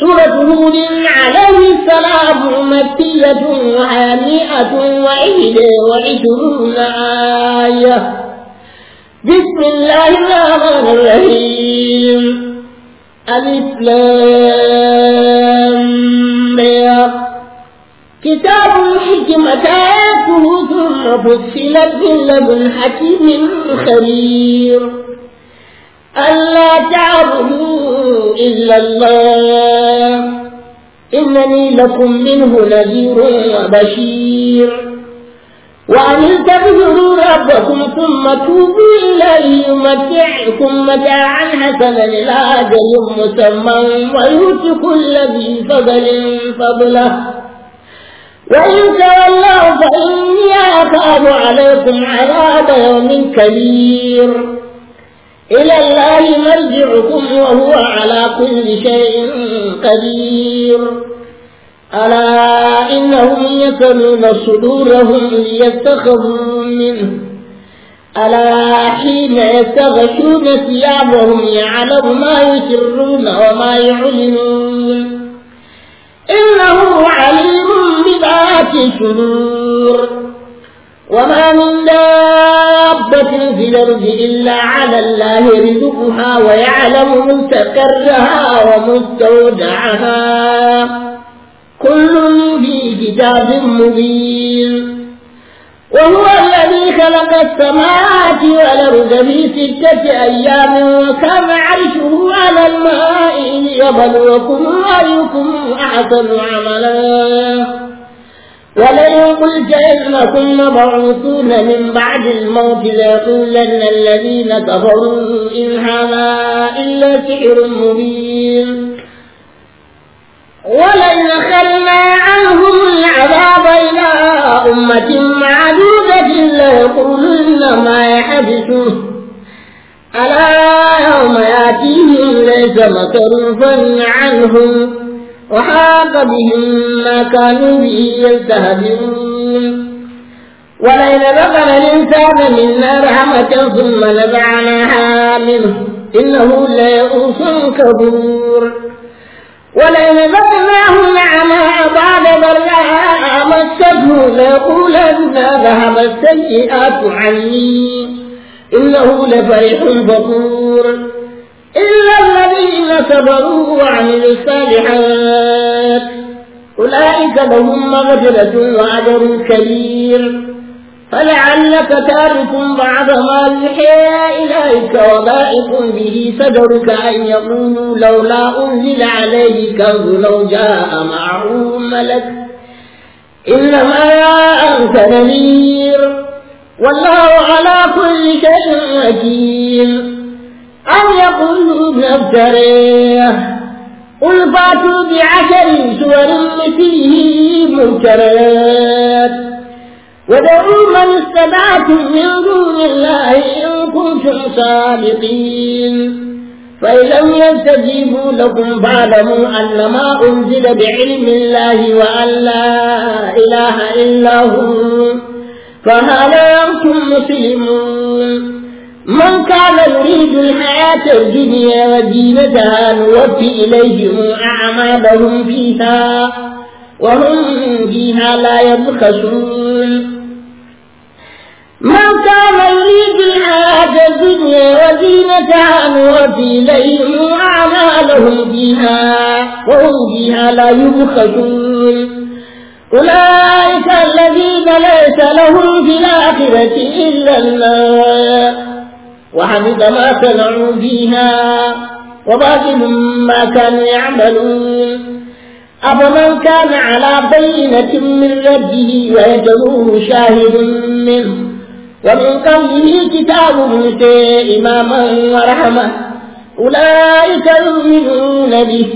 سورة هود عليه السلام مكية هانئة وعيد وعشرون آية بسم الله الرحمن الرحيم الإسلام كتاب الحكمة آياته ثم فصلت من لدن حكيم خبير ألا تعبدوا إلا الله إنني لكم منه نذير وبشير وأن تبذلوا ربكم ثم توبوا إليه يمتعكم متاعا حسنا إلى أجل مسمى ويؤت كل ذي فضل فضله وإن تولوا فإني أخاف عليكم عذاب يوم كبير إلى الله مرجعكم وهو على كل شيء قدير ألا إنهم يسمون صدورهم ليتخذوا منه ألا حين يستغشون ثيابهم يعلم ما يسرون وما يعلنون إنه عليم بذات الصدور وما من دابة في الأرض إلا على الله رزقها ويعلم مستقرها ومستودعها كل في كتاب مبين وهو الذي خلق السماوات والأرض في ستة أيام وكان عرشه على الماء ليبلوكم أيكم أحسن عملا ولئن قلت إنكم مبعوثون من بعد الموت ليقولن الذين كفروا إن هذا إلا سحر مبين ولئن أخذنا عنهم العذاب إلى أمة معدودة ليقولن ما يحبسه ألا يوم يأتيهم ليس مكروفا عنهم وحاق بهم ما كانوا به يستهزئون ولئن ذقنا الإنسان منا رحمة ثم نزعناها منه إنه ليئوس كفور ولئن ذقناه نعماء بعد ضراء مسته ليقولن ذهب السيئات عني إنه لفرح فخور إلا الذين صبروا وعملوا الصالحات أولئك لهم مغفرة وأجر كبير فلعلك تارك بعض ما يوحي إليك وضائق به صدرك أن يقولوا لولا أنزل عليه كنز لو جاء معه ملك إنما أنت نذير والله على كل شيء وكيل أو يقولوا أفتريه قل فاتوا بعشر سور فيه منكرات ودعوا من استدعتم من دون الله إن كنتم صادقين فإن لم يستجيبوا لكم فاعلموا أن ما أنزل بعلم الله وأن لا إله إلا هو فهل أنتم مسلمون من كان يريد الحياة الدنيا وزينتها نوفي إليهم أعمالهم فيها وهم فيها لا يبخسون من كان يريد الحياة الدنيا وزينتها نوفي إليهم أعمالهم فيها وهم فيها لا يبخسون أولئك الذين ليس لهم في الآخرة إلا النار وحمد ما صنعوا فيها وباطل ما كانوا يعملون أفمن كان على بينة من ربه ويجروه شاهد منه ومن قبله كتاب موسى إماما ورحمة أولئك يؤمنون به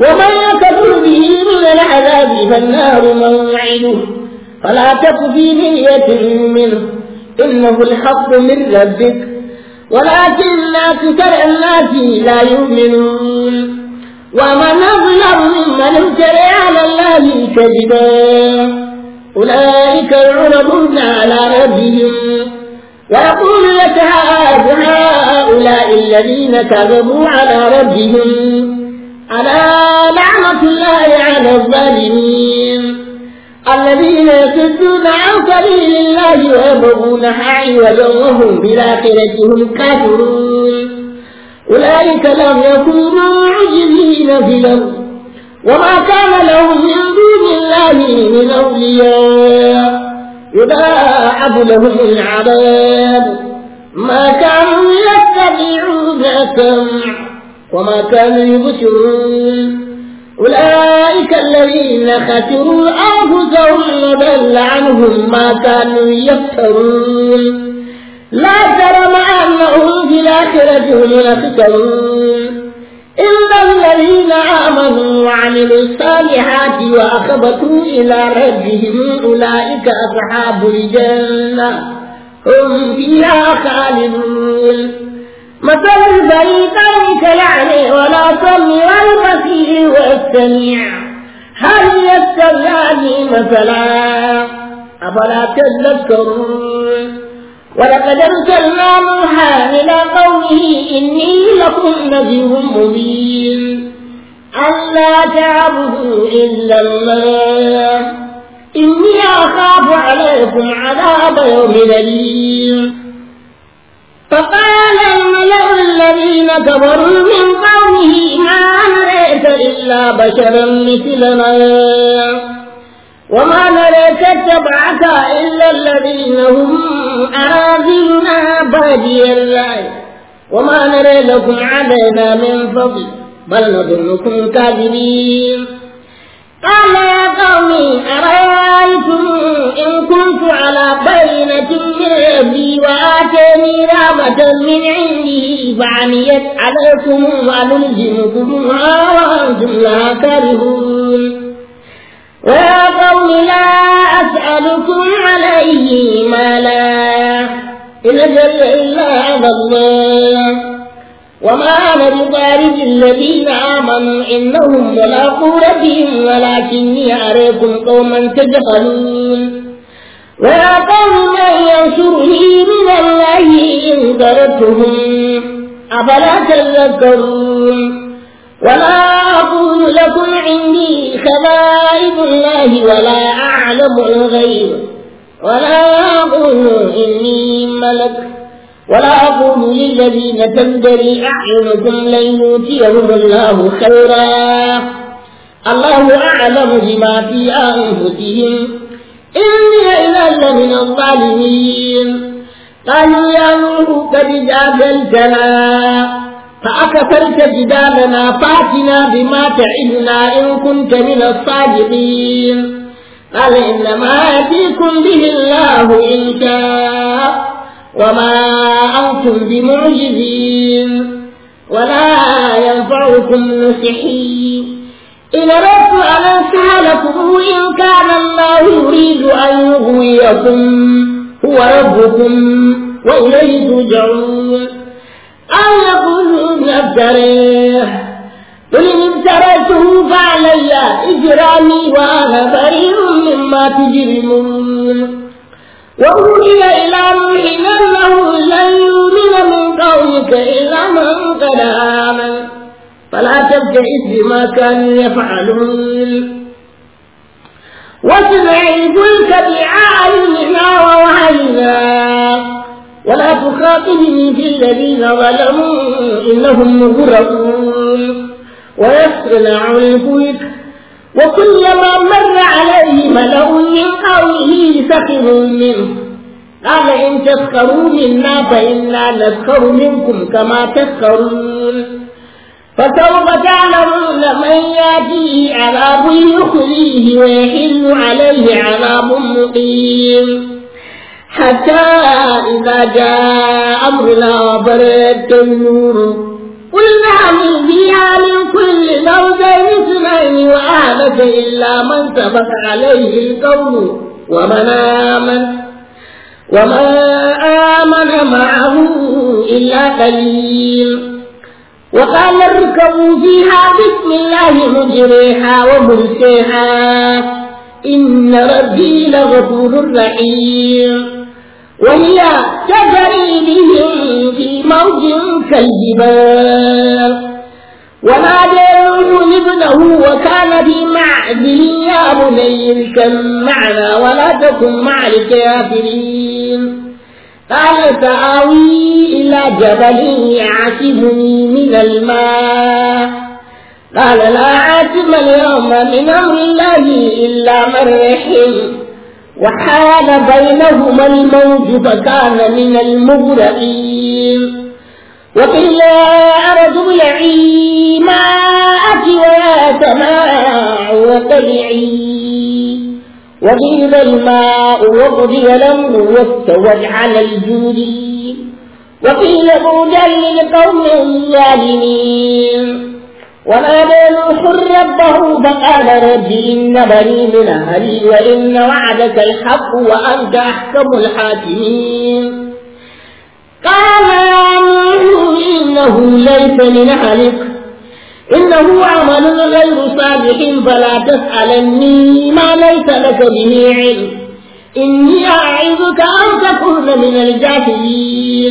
ومن يكفر به من العذاب فالنار موعده فلا تك في منه إنه الحق من ربك ولكن أكثر الناس لا يؤمنون ومن أظلم ممن افترى على الله كذبا أولئك يعرضون على ربهم ويقول لك هؤلاء الذين كذبوا على ربهم ألا لعنة الله على الظالمين الذين يصدون عن سبيل الله ويبغونها عوجا وهم بالآخرة هم كافرون أولئك لم يكونوا معجزين في الأرض وما كان لهم من دون الله من أولياء يضاعف لهم العذاب ما كانوا يتبعون السمع وما كانوا يبشرون أولئك الذين خسروا أنفسهم وضل عنهم ما كانوا يفترون لا جرم أنهم في الآخرة هم يخسرون إلا الذين آمنوا وعملوا الصالحات وأخبتوا إلى ربهم أولئك أصحاب الجنة هم فيها خالدون مثل الفريقين ولا والأصم والبصير والسميع هل يستويان مثلا أفلا تذكرون ولقد أرسلنا نوحا إلى قومه إني لكم نذير مبين ألا تعبدوا إلا الله إني أخاف عليكم عذاب يوم أليم فقال الملأ الذين كبروا من قومه ما نريت إلا بشرا مثلنا وما نريت اتبعك إلا الذين هم أراذلنا بادي الرأي وما نري لكم علينا من فضل بل نظنكم كاذبين قال يا قوم أرأيتم إن كنت على بينة من ربي وآتاني رحمة من عندي فعميت عليكم ونلزمكمها وأنتم لا كارهون ويا قوم لا أسألكم عليه مالا إن أجل إلا على الله وما أنا بطارد الذين آمنوا إنهم ملاقو ربهم ولكني أريكم قوما تجهلون ويا قوم من ينصرني من الله إن ضربتهم أفلا تذكرون ولا أقول لكم عندي خبائث الله ولا أعلم الغيب ولا أقول إني ملك ولا أقول للذين تندري أعينكم لن يؤتيهم الله خيرا الله أعلم بما في أنفسهم إني إذا لمن الظالمين قالوا يا نوح قد جادلتنا فأكثرت جدالنا فاتنا بما تعدنا إن كنت من الصادقين قال إنما يأتيكم به الله إن شاء وما أنتم بمعجزين ولا ينفعكم نصحي إن أردت أن أنصح لكم إن كان الله يريد أن يغويكم هو ربكم وإليه ترجعون أو يقولون أبتريه قل إن ابتريته فعلي إجرامي وأنا بريء مما تجرمون وأوحي إلى نوح أنه لن يؤمن من قومك إلا من قد آمن فلا تبتئس بما كانوا يفعلون واصنع الفلك بأعيننا ووحينا ولا تخاطبني في الذين ظلموا إنهم مغرقون ويصنع الفلك وكلما مر عليه ملأ من قومه سخروا منه قال إن تسخروا منا فإنا نسخر منكم كما تسخرون فسوف تعلمون من يأتيه عذاب يخزيه ويحل عليه عذاب مقيم حتى إذا جاء أمرنا وبرد النور قل نعموا فيها من كل زوجين اثنين وآنس إلا من سبق عليه القول ومن آمن وما آمن معه إلا قليل وقال اركبوا فيها بسم الله مجريها ومرسيها إن ربي لغفور رحيم وهي تجري بهم في موج كالجبال ونادى نوح ابنه وكان في معزل يا بني اركب معنا ولا تكن مع الكافرين قال سآوي إلى جبل يعاتبني من الماء قال لا عاتم اليوم من أمر الله إلا من رحم وحال بينهما الموج فكان من المغرقين وقيل أرض ابلعي ماءك ويا سماء وقلعي وغيب الماء وقضي الأمر واستوت على الجود وقيل بعدا للقوم الظالمين ونادى نوح ربه فقال رب إن بني من أهلي وإن وعدك الحق وأنت أحكم الحاكمين قال يا نوح إنه ليس من أهلك إنه عمل غير صالح فلا تسألني ما ليس لك به علم إني أعظك أن تكون من الجاهلين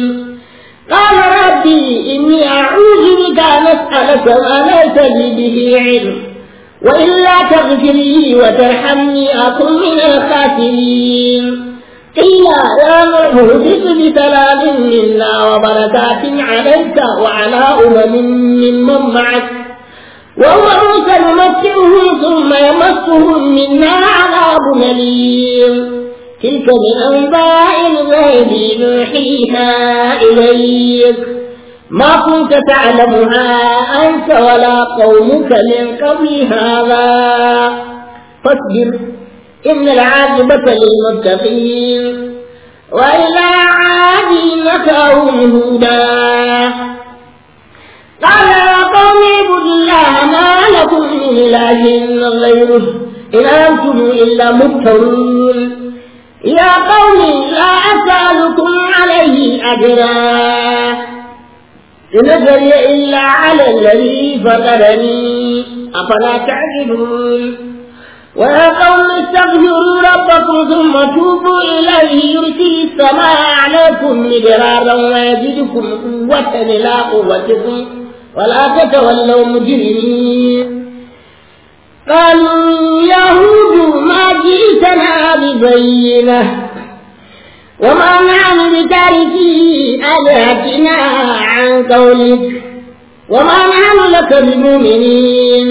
مسألة ما ليس لي به علم وإلا تغفر لي وترحمني أكن من الخاسرين قيل يا نوح اهبط بسلام منا وبركات عليك وعلى أمم ممن من معك وهو سنمتعهم ثم يمسهم منا عذاب أليم تلك من أنباء الغيب نوحيها إليك ما كنت تعلمها أنت ولا قومك من قبل هذا فاصبر إن العاقبة للمتقين وإلى عاد مكرهم هدى قال يا قوم اعبدوا الله ما لكم من إله غيره إن أنتم إلا مفترون يا قوم لا أسألكم عليه أجرا إن إلا على الذي فطرني أفلا تعجبون ويا قوم استغفروا ربكم ثم توبوا إليه يرسل السماء عليكم مدرارا ويزدكم قوة إلى قوتكم ولا تتولوا مجرمين قالوا هود ما جئتنا ببينه وما معنى بتاركي آلهتنا عن قولك وما معنى لك بمؤمنين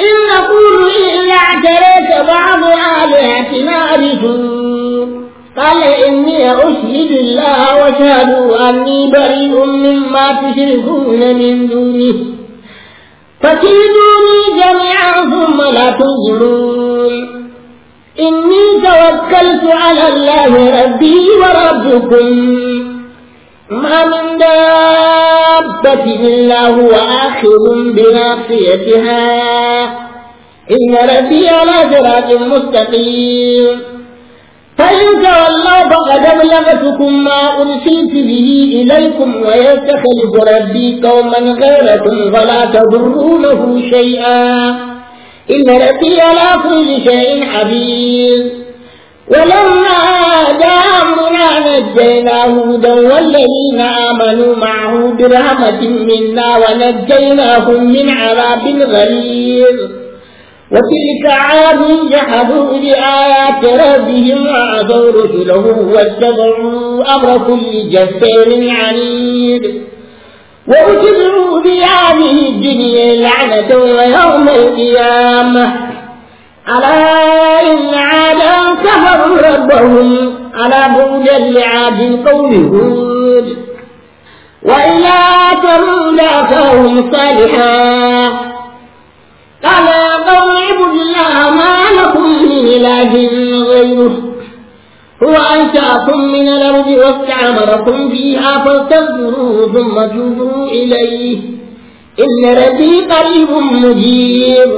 إن نقول إلا اعتريت بعض آلهتنا بسوء قال إني أشهد الله وشهدوا أني بريء مما تشركون من دونه فكيدوني جميعا ثم لا تنظرون إني توكلت على الله ربي وربكم ما من دابة إلا هو آخر بناصيتها إن ربي على صراط مستقيم فإن تولوا فقد أبلغتكم ما أرسلت به إليكم ويتخذ ربي قوما غيركم فلا تضرونه شيئا إن ربي على كل شيء حبيب ولما جاء أمرنا نجينا هودا والذين آمنوا معه برحمة منا ونجيناهم من عذاب غليظ وتلك عاد جحدوا بآيات ربهم وعصوا رسله واتبعوا أمر كل جبار عنيد وابتلوا بهذه الدنيا لعنة ويوم القيامة ألا إن عادا كفروا ربهم على بعدا لعاد قوم هود وإلى ثمود أخاهم صالحا قال قوم اعبدوا الله ما لكم من إله غيره هو أنشأكم من الأرض واستعمركم فيها فاستغفروه ثم توبوا إليه إن ربي قريب مجيب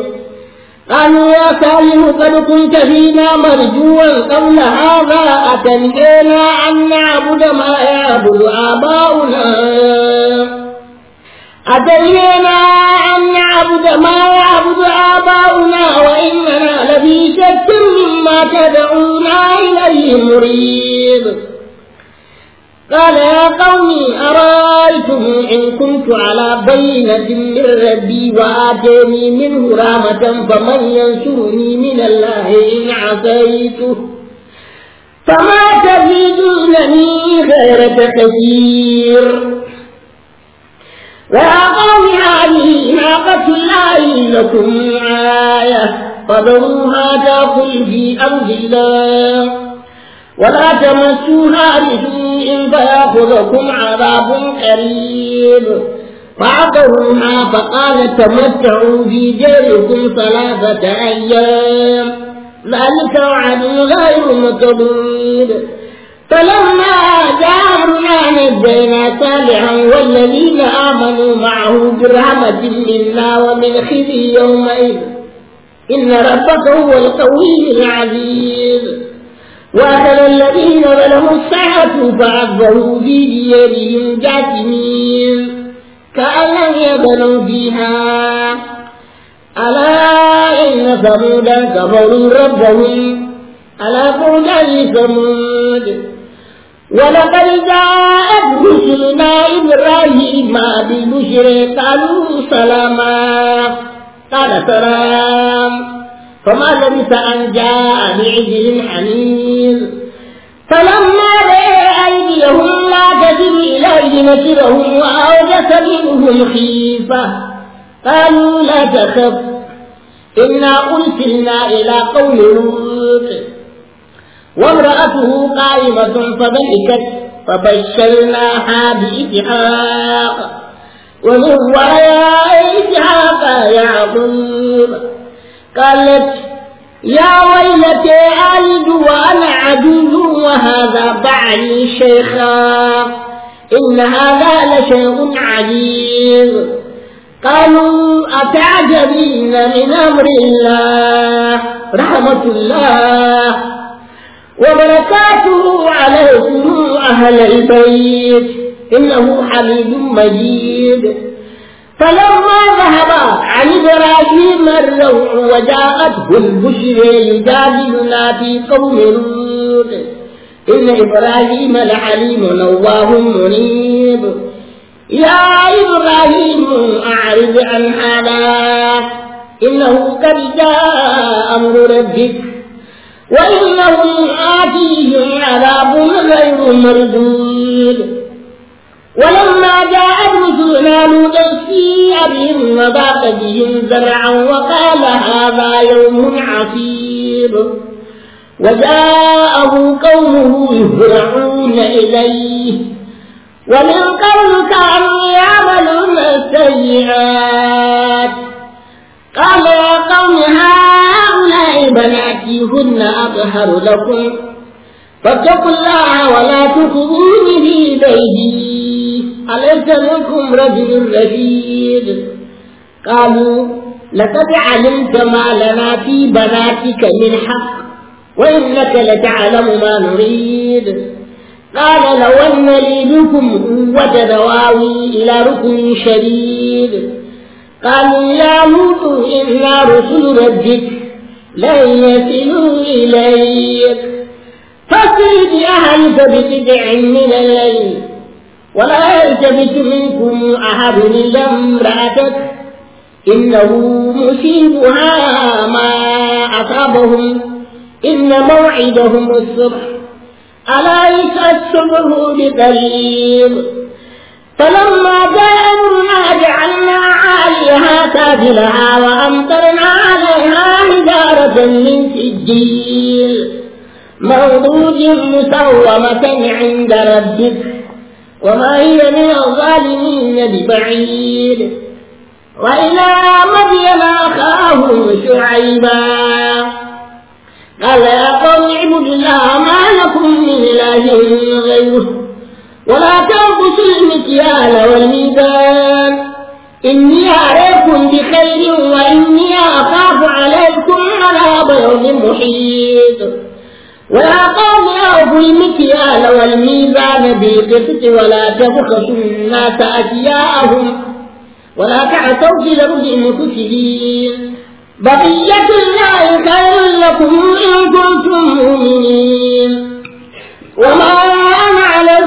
قالوا يا سالم قد كنت فينا مرجوا قول هذا أتنهينا أن نعبد ما يعبد آباؤنا أتلينا أن نعبد ما يعبد آباؤنا وإننا لفي شك مما تدعونا إليه مريب قال يا قوم أرأيتم إن كنت على بينة من ربي وآتيني منه رحمة فمن ينصرني من الله إن عصيته فما تزيدونني غير تكثير ويا قوم هذه ناقة الله لكم آية فذروها تأكل في أرض الله ولا تمسوها بسوء فيأخذكم عذاب قريب فعقروها فقال تمتعوا في ديركم ثلاثة أيام ذلك وعد غير مكذوب فلما آتاهما نجينا تابعا والذين آمنوا معه برحمة منا ومن خزي يومئذ إن ربك هو القوي العزيز وأخذ الذين ظلموا الساعة فأصبحوا في ديارهم جاثمين كأن لم يبنوا فيها ألا إن ثمودا كفروا ربهم ألا بعدا لثمود ولقد جاءت رسلنا إبراهيم بالبشر قالوا سلاما قال سلام فما لبث أن جاء بعجل حنيذ فلما رأى أيديهم لا تجد إليه نكرهم وأوجس منهم خيفة قالوا لا تخف إنا أرسلنا إلى قوم لوط وامرأته قائمة فضحكت فبشرناها بإسحاق ومن وراء إسحاق عظيم قالت يا ويلتي ألد وأنا عجوز وهذا بعلي شيخا إن هذا لشيء عجيب قالوا أتعجبين من أمر الله رحمة الله وبركاته عليكم أهل البيت إنه حميد مجيد فلما ذهب عن إبراهيم الروع وجاءته البشرى يجادلنا في قوم لوط إن إبراهيم لحليم نواه منيب يا إبراهيم أعرض عن هذا إنه قد جاء أمر ربك وإنهم آتيهم عذاب غير مردود ولما جاءت رسلنا لوطا سيء بهم وضاق بهم زرعا وقال هذا يوم عسير وجاءه قومه يهرعون إليه ومن قوم كانوا يعملون السيئات قال يا قوم هذا الله بناتهن أطهر لكم فاتقوا الله ولا تخذون في بيتي أليس منكم رجل رشيد قالوا لقد علمت ما لنا في بناتك من حق وإنك لتعلم ما نريد قال لو أن لي بكم قوة دواوي إلى ركن شديد قالوا يا لوط إنا رسل ربك لن يصلوا إليك فصل بأهلك بقطع من الليل ولا يلتفت منكم أحد إلا امرأتك إنه مصيبها ما أصابهم إن موعدهم الصبح ألا يسأل الصبح بقريب فلما جاء أمرنا جعلنا عاليها سافلها وأمطرنا عليها حجارة من سجيل موضوج مسومة عند ربك وما هي من الظالمين ببعيد وإلى مدين أخاهم شعيبا قال يا قوم اعبدوا الله ما لكم من إله غيره ولا تنقصوا المكيال والميزان إني عليكم بخير وإني أخاف عليكم عذاب يوم محيط ولا قوم أوفوا المكيال والميزان بالقسط ولا تبخسوا الناس أشياءهم ولا تعثوا في الأرض المفسدين بقية الله خير لكم إن كنتم مؤمنين وما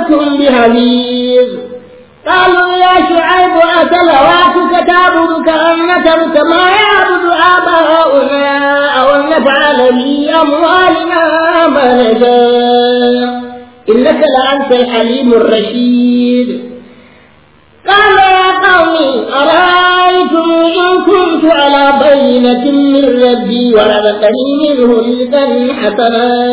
لكم بحفيظ قالوا يا شعيب أتلواتك تعبدك أن نترك ما يعبد آباؤنا أو أن نفعل في أموالنا ما نشاء إنك لأنت الحليم الرشيد قال يا قوم أرأيتم إن كنت على بينة من ربي ورزقني منه رزقا حسنا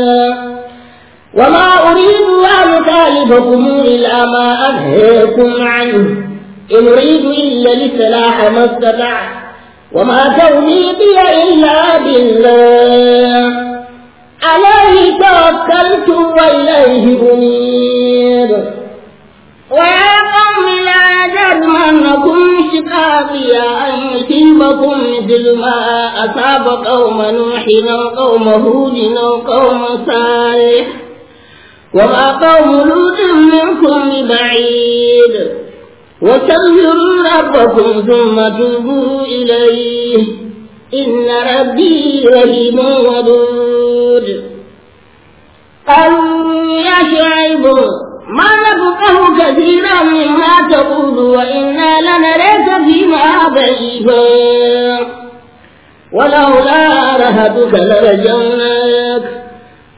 وما أريد الشيطان طالبكم إلا ما أنهيكم عنه إن أريد إلا الإصلاح ما استطعت وما توفيقي إلا بالله عليه توكلت وإليه أنيب ويا قوم لا يجرمنكم شقاقي أن يصيبكم مثل ما أصاب قوم نوح أو قوم هود أو قوم صالح وما قوم لوط منكم ببعيد واستغفروا ربكم ثم توبوا إليه إن ربي رحيم ودود قالوا يا شعيب ما نفقه كثيرا مما تقول وإنا ليس فيما ضعيفا ولولا رهتك لرجوناك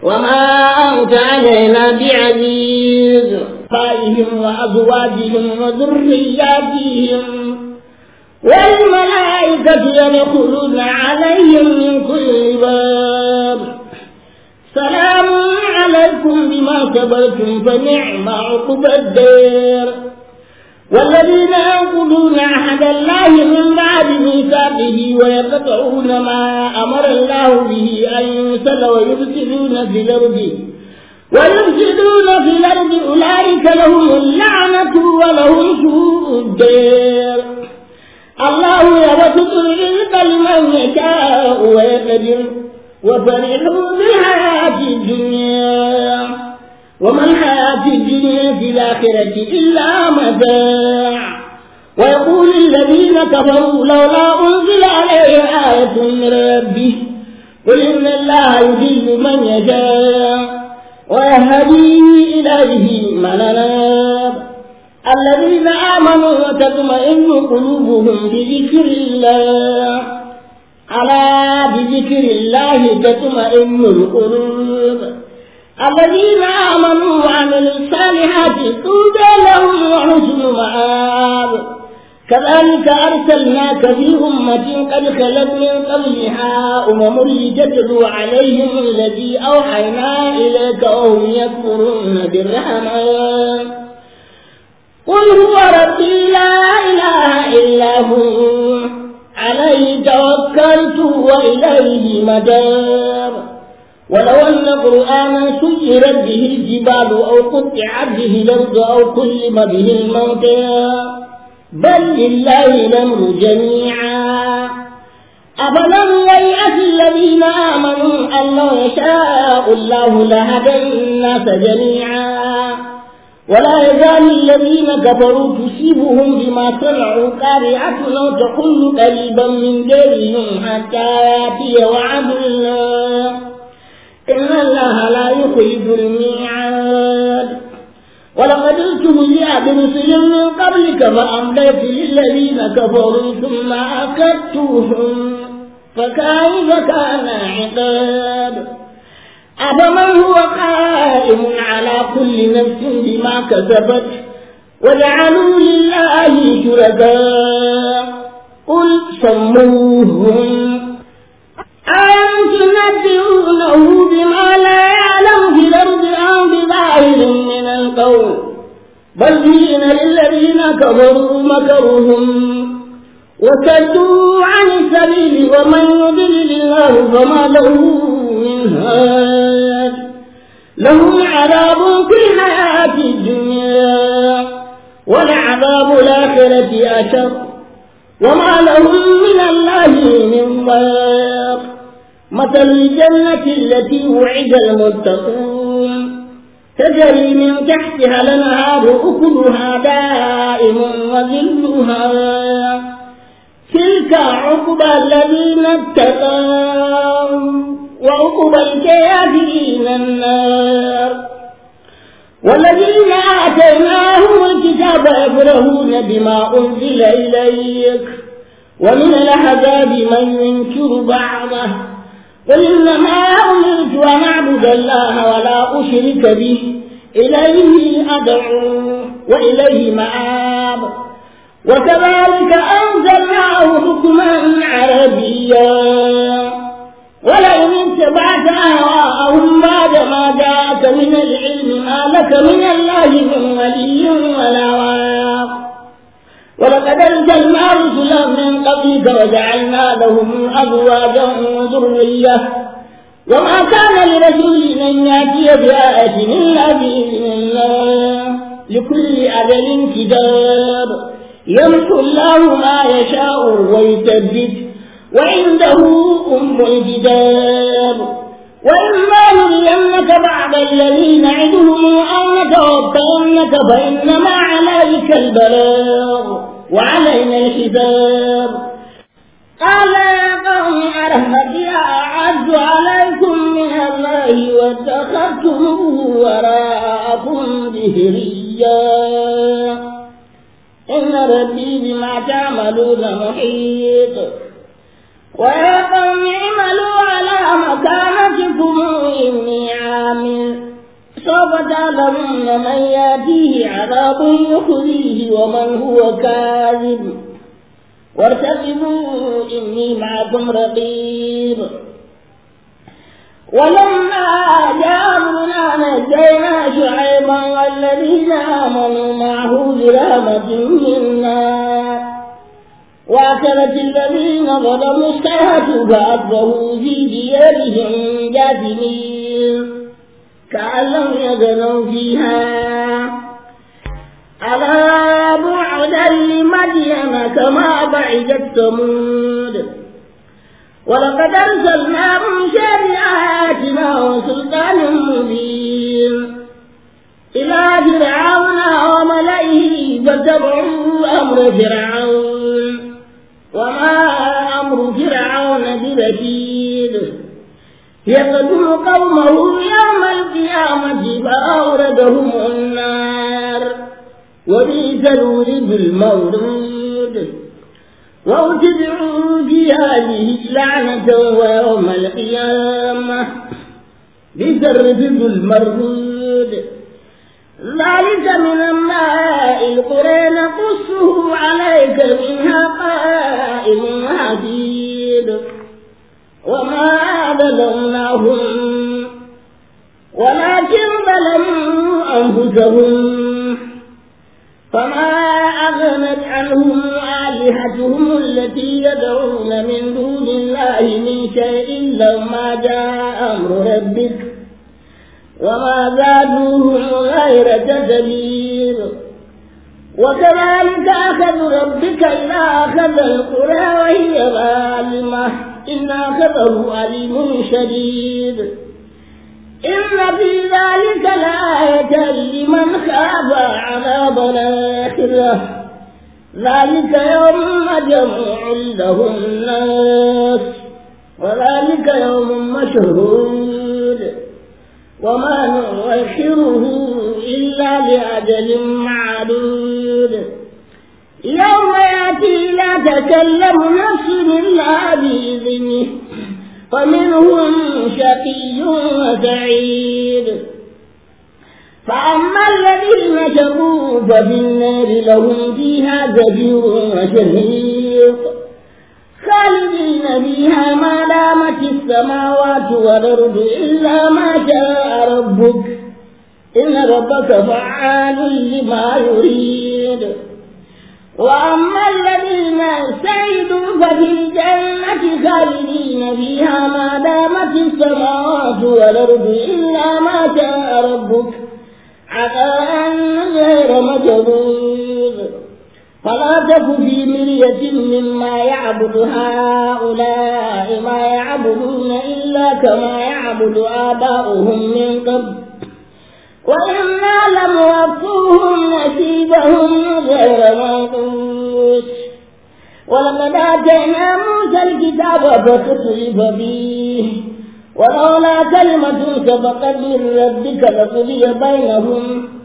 وما الله علينا بعزيز أطفالهم وأزواجهم وذرياتهم والملائكة يدخلون عليهم من كل باب سلام عليكم بما كبرتم فنعم عقب الدير والذين ينقضون عهد الله من بعد ميثاقه ويقطعون ما أمر الله به أن يوصل ويفسدون في الأرض ويفسدون في الأرض أولئك لهم اللعنة ولهم سوء الدير الله يبسط الرزق لمن يشاء ويقدر وفرحوا بالحياة الدنيا وما الحياة الدنيا في الآخرة إلا متاع ويقول الذين كفروا لولا أنزل عليه آية من ربه قل إن الله يجيب من يشاء ويهديه إليه من أناب الذين آمنوا وتطمئن قلوبهم بذكر الله على بذكر الله تطمئن القلوب الذين آمنوا وعملوا الصالحات طوبى لهم وحسن مآب كذلك أرسلناك في أمة قد خلت من قبلها أمم لتتلو عليهم الذي أوحينا إليك وهم يكفرون بالرحمن قل هو ربي لا إله إلا هو عليه توكلت وإليه مدار ولو أن قرآنا سيرت به الجبال أو قطعت به الأرض أو كلم به الموتى بل لله الأمر جميعا أفلم ييأس الذين آمنوا أن لو يشاء الله لهدى الناس جميعا ولا يزال الذين كفروا تصيبهم بما صنعوا قارعة أو تقل قريبا من ديرهم حتى يأتي وعد الله إن الله لا يخلف الميعاد ولقد استهزئ برسل من قبلك فأمليت للذين كفروا ثم أكدتهم فكيف كان عقاب أفمن هو قائم على كل نفس بما كسبت وجعلوا لله شركاء قل سموهم أم تنبئونه بما لا يعلم بظاهر من القول بل زين للذين كفروا مكرهم وسدوا عن السبيل ومن يضلل الله فما له من هاد لهم عذاب في الحياة الدنيا ولعذاب الآخرة أشر وما لهم من الله من ضيق مثل الجنة التي وعد المتقون تجري من تحتها الأنهار أكلها دائم وظلها تلك عقبى الذين اتقوا وعقبى الكافرين النار والذين آتيناهم الكتاب يفرحون بما أنزل إليك ومن الأحزاب من ينكر بعضه قل إنما أمرت أن أعبد الله ولا أشرك به إليه أدعو وإليه مآب وكذلك أنزلناه حكما عربيا ولئن اتبعت أهواءهم بعد ما جاءك من العلم ما لك من الله من ولي ولا واحد ولقد أنزلنا رسلا من قبلك وجعلنا لهم أزواجا ذرية وما كان لرسول أن يأتي بآية إلا بإذن الله لكل أجل كتاب يمحو الله ما يشاء ويثبت وعنده أم الكتاب وإما نرينك بعض الذي نعدهم أو نتوفينك فإنما عليك البلاغ وعلينا الحساب قال يا قوم أرهبي أعز عليكم من الله واتخذتموه وراءكم ظهريا إن ربي بما تعملون محيط ويا قوم اعملوا على مكانتكم إني عامل سوف تعلمون من يأتيه عذاب يخزيه ومن هو كاذب وارتقبوا إني معكم رقيب ولما جاء أمرنا نجينا شعيبا والذين آمنوا معه برحمة منا وأكلت الذين ظلموا الصيحة فأكبروا في ديارهم جاثمين كأن لم يدنوا فيها ألا بعدا لمدين كما بعدت ثمود ولقد أرسلنا من شريعاتنا وسلطان مبين إلى فرعون وملئه فتبعوا أمر فرعون وما أمر فرعون برشيد يقدم قومه يوم القيامة فأوردهم النار وبئس الورد المورود واتبعوا في هذه لعنة ويوم القيامة بئس الرفد المردود ذلك من النباء القرى نقصه عليك منها قائم عديد وما بلغناهم ولكن ظلموا أنفسهم فما أغنت عنهم آلهتهم التي يدعون من دون الله من شيء لما جاء أمر ربك وما زادوه غير تدبير وكذلك أخذ ربك إذا أخذ القرى وهي ظالمة إن أخذه أليم شديد إن في ذلك لآية لمن خاف عذاب الآخرة ذلك يوم مجمع له الناس وذلك يوم مشهور وما نؤخره إلا لأجل معدود يوم يأتي لا تكلم نفس إلا بإذنه فمنهم شقي وسعيد فأما الذين شقوا ففي النار لهم فيها زفير وشهيق خالدين فيها ما دامت السماوات والأرض إلا ما شاء ربك إن ربك فعال لما يريد وأما الذين سعدوا ففي الجنة خالدين فيها ما دامت السماوات والأرض إلا ما شاء ربك عسى أن غير مجدود فلا تك في مرية مما يعبد هؤلاء ما يعبدون إلا كما يعبد آباؤهم من قبل وإنا لم وفوهم نسيبهم غير منقوص ولقد آتينا موسى الكتاب فاختلف فيه ولولا كلمة سبقت من ربك لقضي بينهم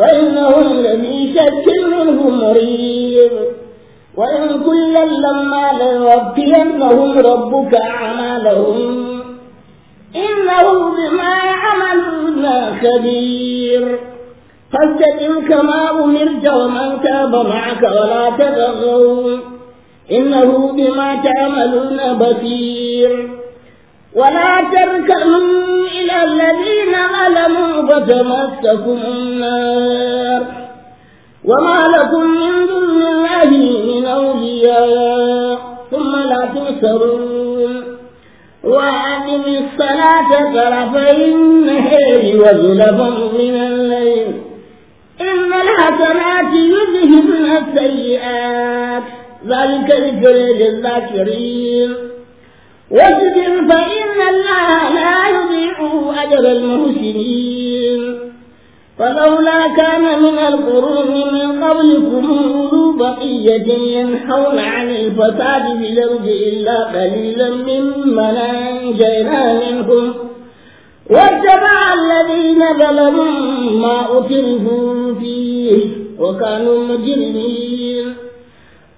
وإنه لفي شك منه مريب وإن كلا لما ليوفينهم ربك أعمالهم إنه بما عملنا خبير فاستقم كما أمرت ومن تاب معك ولا تبغوا إنه بما تعملون بصير ولا تركهم إلى الذين ظلموا فتمسكم النار وما لكم من دون الله من أولياء ثم لا تنصرون وأقم الصلاة طرفي النهار وزلفا من الليل إن الحسنات يذهبن السيئات ذلك ذكر للذاكرين واصبر فإن الله لا يضيع أجر المحسنين فلولا كان من القرون من قبلكم أولو بقية ينحون عن الفساد في الأرض إلا قليلا ممن أنجينا منهم واتبع الذين ظلموا ما أترفوا فيه وكانوا مجرمين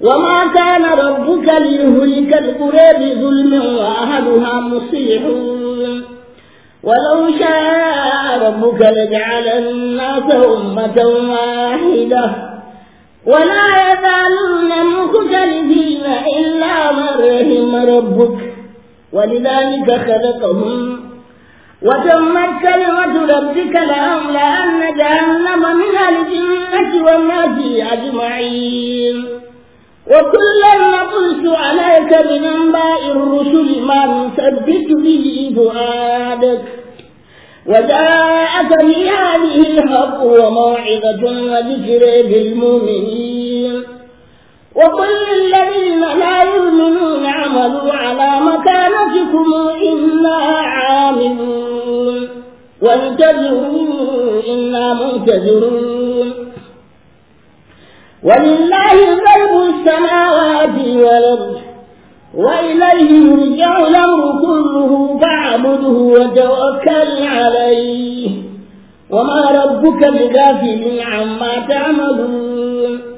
وما كان ربك ليهلك القرى بظلم وأهلها مصيحون ولو شاء ربك لجعل الناس أمة واحدة ولا يزالون مختلفين إلا من رحم ربك ولذلك خلقهم وتمت كلمة ربك لأملأن جهنم من الجنة والناس أجمعين وكلا نقص عليك من انباء الرسل ما نثبت به فؤادك وجاءك في هذه الحق وموعظة وذكر للمؤمنين وقل للذين لا يؤمنون عملوا على مكانتكم إنا عاملون وانتظروا إنا منتظرون ولله غيب السماوات والأرض وإليه يرجع الأمر كله فاعبده وتوكل عليه وما ربك بغافل عما تعملون